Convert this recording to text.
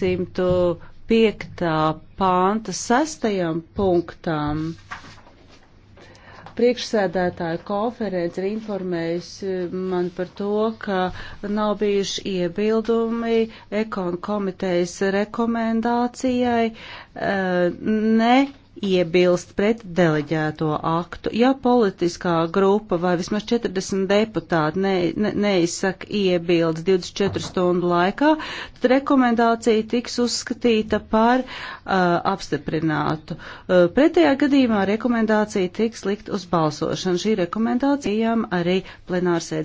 105. pānta 6. punktam. Priekšsēdētāja konference ir informējusi man par to, ka nav bijuši iebildumi ekon komitejas rekomendācijai eh, ne iebilst pret deleģēto aktu. Ja politiskā grupa vai vismaz 40 deputāti ne, ne, neizsaka iebildes 24 stundu laikā, tad rekomendācija tiks uzskatīta par uh, apstiprinātu. Uh, pretējā gadījumā rekomendācija tiks likt uz balsošanu. Šī rekomendācija arī plenārsēdz